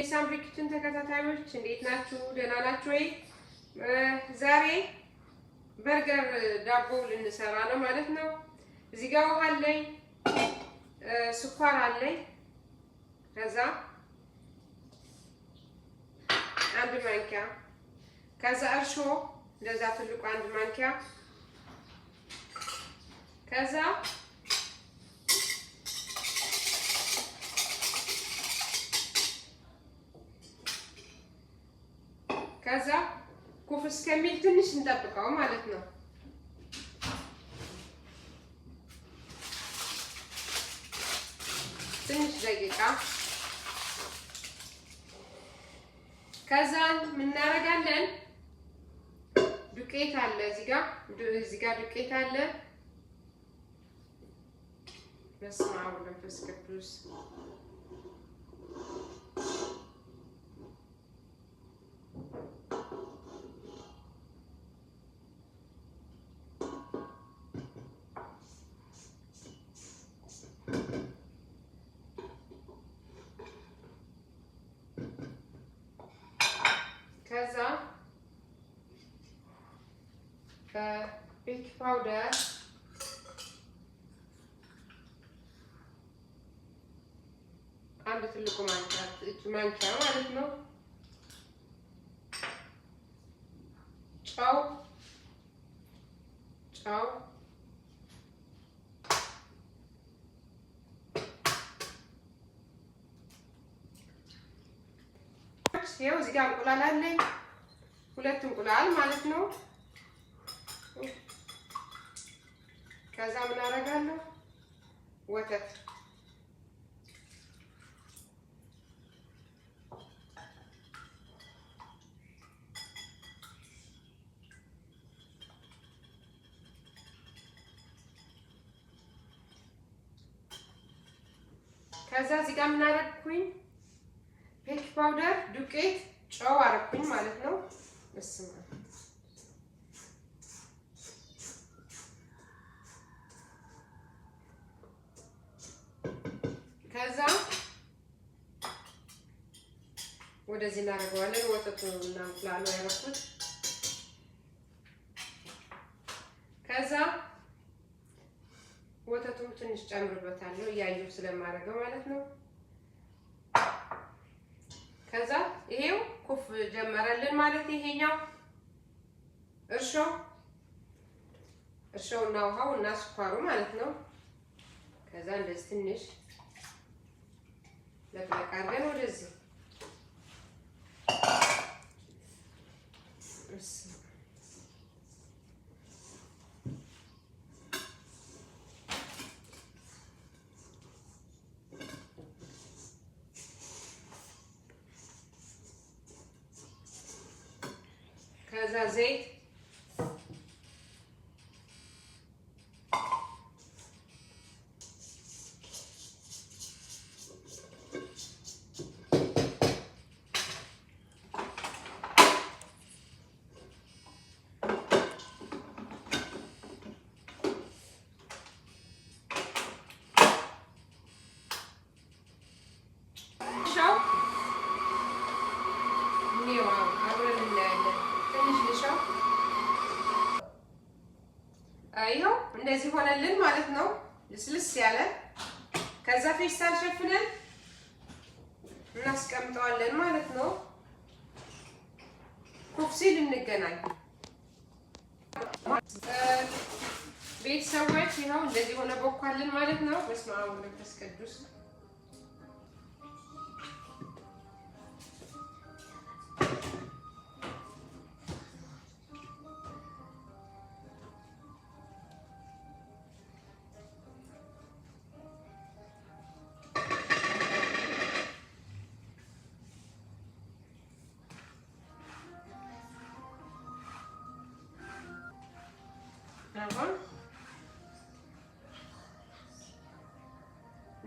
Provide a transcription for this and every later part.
የሳምሪ ኪችን ተከታታዮች እንዴት ናችሁ? ደህና ናችሁ ወይ? ዛሬ በርገር ዳቦ ልንሰራ ነው ማለት ነው። እዚህ ጋር ውሃ አለኝ፣ ስኳር አለኝ፣ ከዛ አንድ ማንኪያ፣ ከዛ እርሾ እንደዛ ትልቁ አንድ ማንኪያ፣ ከዛ ከዛ ኩፍ እስከሚል ትንሽ እንጠብቀው ማለት ነው። ትንሽ ደቂቃ ከዛ የምናደርጋለን። ዱቄት አለ እዚህ ጋር እዚህ ጋር ዱቄት አለ። በስመ አብ ወመንፈስ ቅዱስ ሚልክ ፓውደር አንድ ትልቁ ማንኪያ እጅ ማንኪያ ማለት ነው። ጨው ጨው ይኸው እዚህ ጋር እንቁላል አለኝ፣ ሁለት እንቁላል ማለት ነው። ከዛ ምን አደርጋለሁ? ወተት ከዛ እዚህ ጋር ምን አደረግኩኝ? ቤኪንግ ፓውደር፣ ዱቄት፣ ጨው አደረግኩኝ ማለት ነው። ወደዚህ እናደርገዋለን። ወተቱ እና እንቁላሉ ያደረኩት ከዛ ወተቱም ትንሽ ጨምርበታለሁ እያየሁ ስለማደርገው ማለት ነው። ከዛ ይሄው ኩፍ ጀመረልን ማለት ይሄኛው እርሾ እርሾው እና ውሃው እና ስኳሩ ማለት ነው። ከዛ እንደዚህ ትንሽ ለቅለቅ አድርገን ወደዚህ casazei Casa azeite. ሆነ ቦኳልን ማለት ነው። በስመ አብ ወመንፈስ ቅዱስ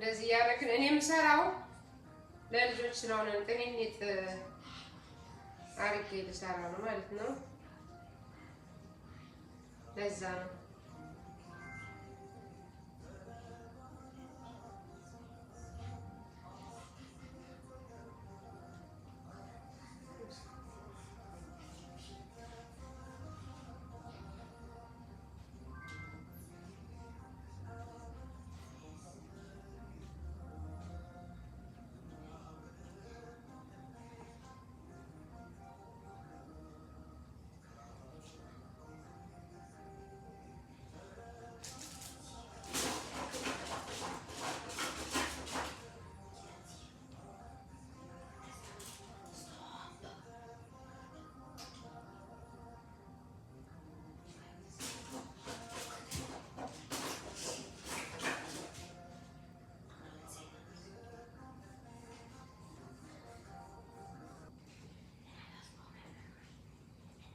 እንደዚህ ያደረግን እኔ የምሰራው ለልጆች ስለሆነ ቅንኝት አርጌ ልሰራ ነው ማለት ነው። ለዛ ነው።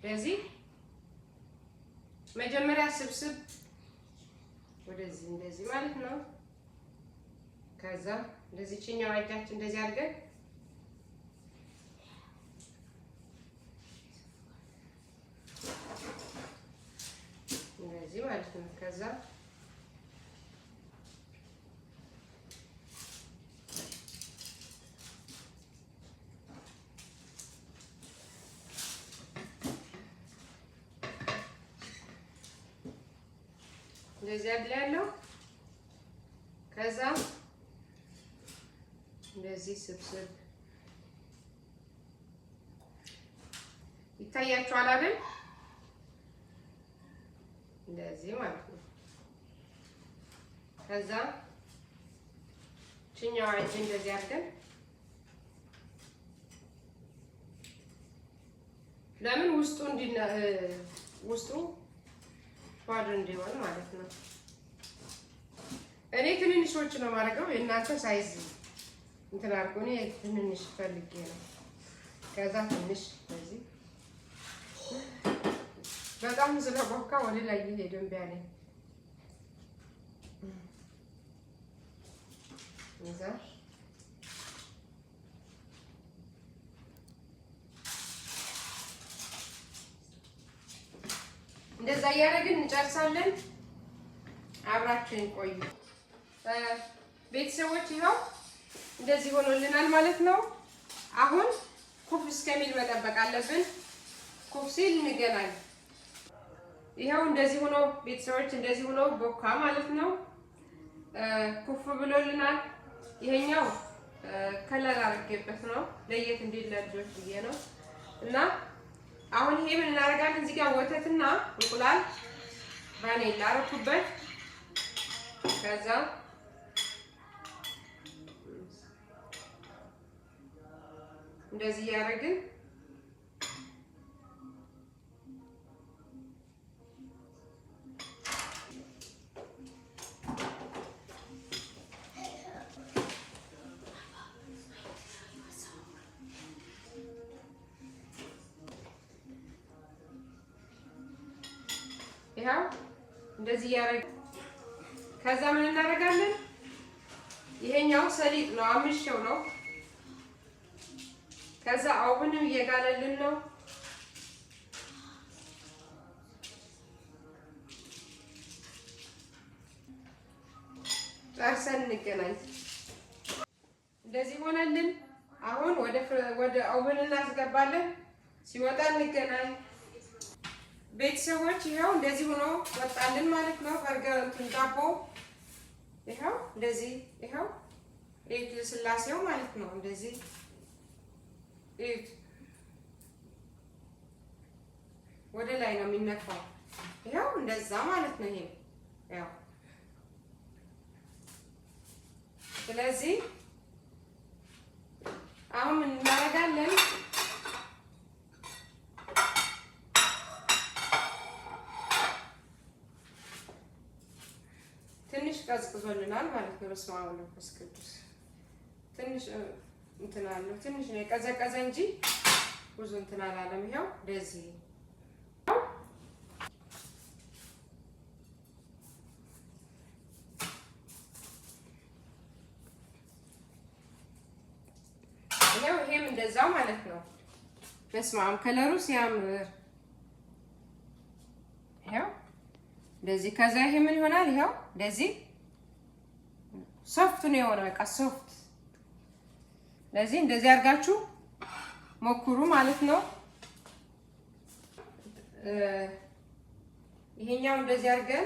እንደዚህ መጀመሪያ ስብስብ ወደዚህ እንደዚህ ማለት ነው። ከዛ እንደዚህ ችኛዋ እጃችን እንደዚህ አድርገን እንደዚህ ማለት ነው። ከዛ እንደዚህ አድላለሁ። ከዛ እንደዚህ ስብስብ ይታያችኋል አይደል? እንደዚህ ማለት ነው። ከዛ ችኛዋ እጅ እንደዚህ አድርገን ለምን ውስጡ እንዲና ውስጡ ባዶ እንዲሆን ማለት ነው። እኔ ትንንሾች ነው የማደርገው። የእናንተ ሳይዝ እንትን አድርጎ እኔ ትንንሽ ፈልጌ ነው። ከዛ ትንሽ በዚህ በጣም ስለቦካ ወደ ላይ ሄደ እምቢ እዛ እንደዛ እያደረግን እንጨርሳለን። አብራችን ቆዩ ቤተሰቦች። ይኸው እንደዚህ ሆኖልናል ማለት ነው። አሁን ኩፍ እስከሚል መጠበቅ አለብን። ኩፍ ሲል እንገናኝ። ይኸው እንደዚህ ሆኖ ቤተሰቦች፣ እንደዚህ ሆኖ ቦካ ማለት ነው። ኩፍ ብሎልናል። ይሄኛው ከለር አድርጌበት ነው ለየት እንዲል ልጆች ብዬ ነው እና ይሄ ምን እናደርጋለን? እዚህ ጋር ወተትና እንቁላል ቫኔላ አረኩበት ከዛ እንደዚህ እያደረግን ይኸው እንደዚህ እያደረግን ከዛ ምን እናደርጋለን? ይሄኛው ሰሊጥ ነው፣ አምሼው ነው። ከዛ አውብንም እየጋለልን ነው። ጨርሰን እንገናኝ። እንደዚህ ሆነልን። አሁን ወደ ወደ ኦቨን እናስገባለን። ሲወጣ እንገናኝ። ቤተሰቦች ይኸው እንደዚህ ሆኖ ወጣልን ማለት ነው። በርገር እንትን ዳቦ ይኸው እንደዚህ ይኸው እዩት፣ ስላሴው ማለት ነው። እንደዚህ እዩት፣ ወደ ላይ ነው የሚነፋው። ይኸው እንደዛ ማለት ነው። ይሄ ያው ስለዚህ አሁን እናደርጋለን ትንሽ ቀዝቅዞልናል ማለት ነው። በስመ አብ ወመንፈስ ቅዱስ ትንሽ እንትን አለው ትንሽ ነው የቀዘቀዘ እንጂ ብዙ እንትን አላለም። ይኸው እንደዚህ ይኸው ይሄም እንደዛው ማለት ነው። በስመ አብ ከለሩ ሲያምር እንደዚህ። ከዛ ይሄ ምን ይሆናል? ይኸው እንደዚህ ሶፍት ነው የሆነ በቃ ሶፍት። ስለዚህ እንደዚህ አድርጋችሁ ሞክሩ ማለት ነው። ይሄኛው እንደዚህ አድርገን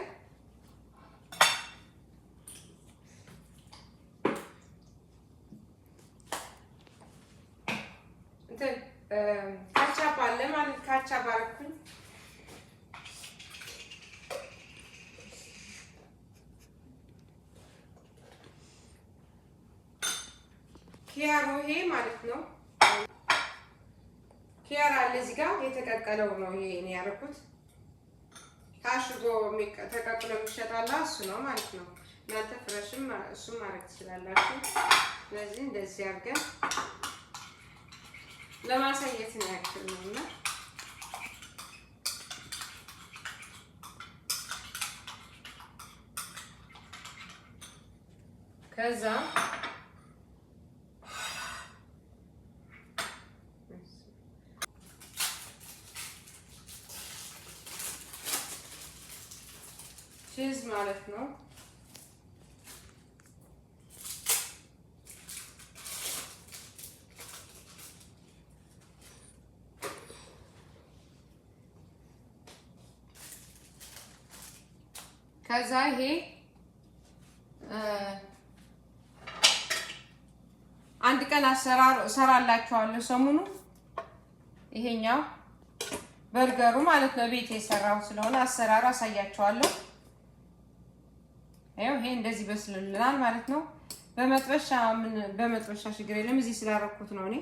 እንትን ኪያር ይሄ ማለት ነው። ኪያር አለ እዚህ ጋር የተቀቀለው ነው። ይሄ እኔ ያደረኩት ታሽጎ ተቀቅሎ የሚሸጣላ እሱ ነው ማለት ነው። እናንተ ፍረሽም እሱም ማድረግ ትችላላችሁ። ስለዚህ እንደዚህ አድርገን ለማሳየት ነው ያክል ነው እና ከዛ ከዛ ይሄ አንድ ቀን አሰራር እሰራላችኋለሁ ሰሞኑን ይሄኛው በርገሩ ማለት ነው። ቤት የሰራው ስለሆነ አሰራሩ አሳያችኋለሁ። ይኸው ይሄ እንደዚህ በስልልናል ማለት ነው። በመጥበሻ በመጥበሻ ችግር የለም። እዚህ ስላደረኩት ነው እኔ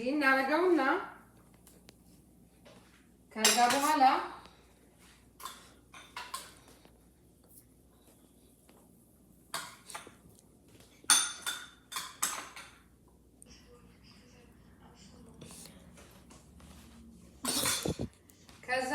እንደዚህ እናደርገውና ከዛ በኋላ ከዛ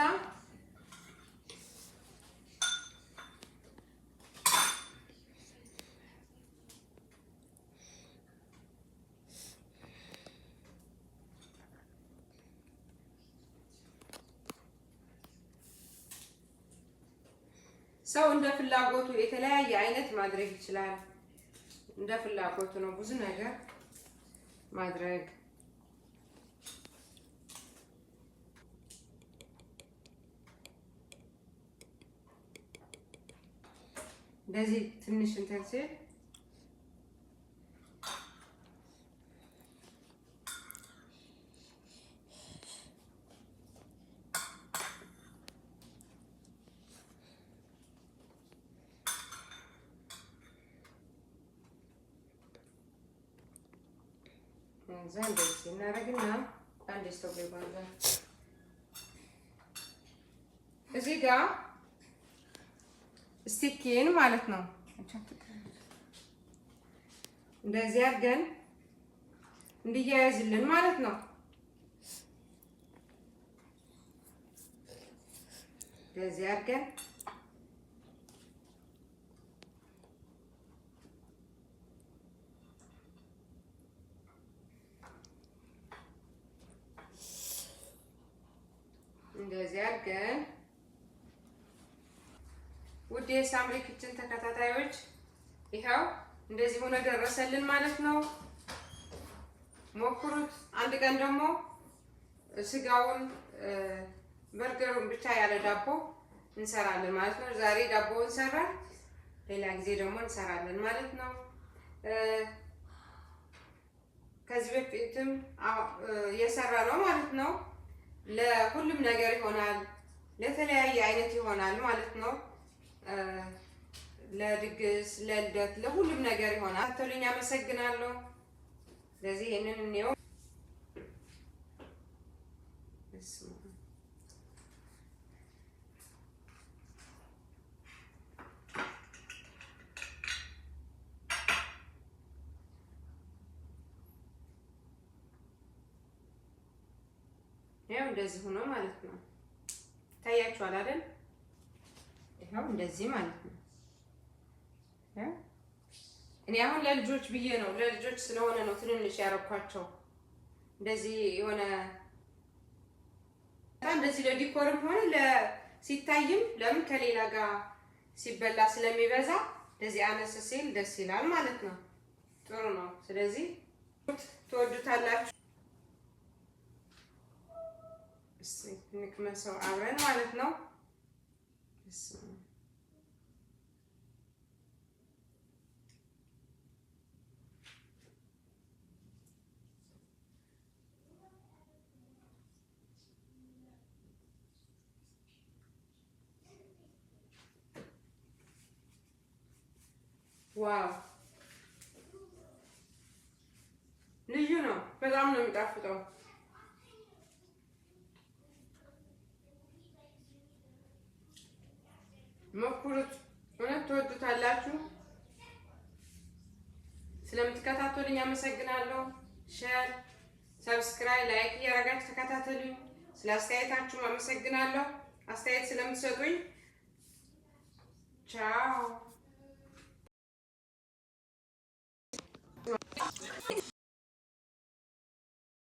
ሰው እንደ ፍላጎቱ የተለያየ አይነት ማድረግ ይችላል። እንደ ፍላጎቱ ነው ብዙ ነገር ማድረግ እንደዚህ ትንሽ እንትን ሲል ከዛ እንደዚህ እናደርግና አንድ ስቶቭ ላይ እዚህ ጋር ስቲኪን ማለት ነው። እንደዚህ አድርገን እንዲያያዝልን ማለት ነው። እንደዚህ አድርገን የሳምሪ ክችን ተከታታዮች ይኸው እንደዚህ ሆነ ደረሰልን ማለት ነው። ሞክሩት። አንድ ቀን ደግሞ ስጋውን በርገሩን ብቻ ያለ ዳቦ እንሰራለን ማለት ነው። ዛሬ ዳቦ እንሰራ፣ ሌላ ጊዜ ደግሞ እንሰራለን ማለት ነው። ከዚህ በፊትም የሰራ ነው ማለት ነው። ለሁሉም ነገር ይሆናል፣ ለተለያየ አይነት ይሆናል ማለት ነው። ለድግስ፣ ለልደት፣ ለሁሉም ነገር ይሆናል። አቶልኝ አመሰግናለሁ። ስለዚህ ይህንን እንየው። ያው እንደዚህ ሆኖ ማለት ነው። ይታያችኋል አይደል? ይኸው እንደዚህ ማለት ነው። እኔ አሁን ለልጆች ብዬ ነው ለልጆች ስለሆነ ነው ትንንሽ ያረኳቸው። እንደዚህ የሆነ እንደዚህ ለዲኮርም ሆነ ሲታይም ለምን ከሌላ ጋር ሲበላ ስለሚበዛ እንደዚህ አነስ ሲል ደስ ይላል ማለት ነው። ጥሩ ነው። ስለዚህ ትወዱታላችሁ። ንቅመሰው አብረን ማለት ነው። this. ዋው ልዩ ነው። በጣም ነው የሚጣፍጠው። ሞክሩት። እውነት ትወዱታላችሁ። ስለምትከታተሉኝ አመሰግናለሁ። ሼር ሰብስክራይብ፣ ላይክ እያደረጋችሁ ተከታተሉኝ። ስለ አስተያየታችሁም አመሰግናለሁ። አስተያየት ስለምትሰጡኝ ቻው።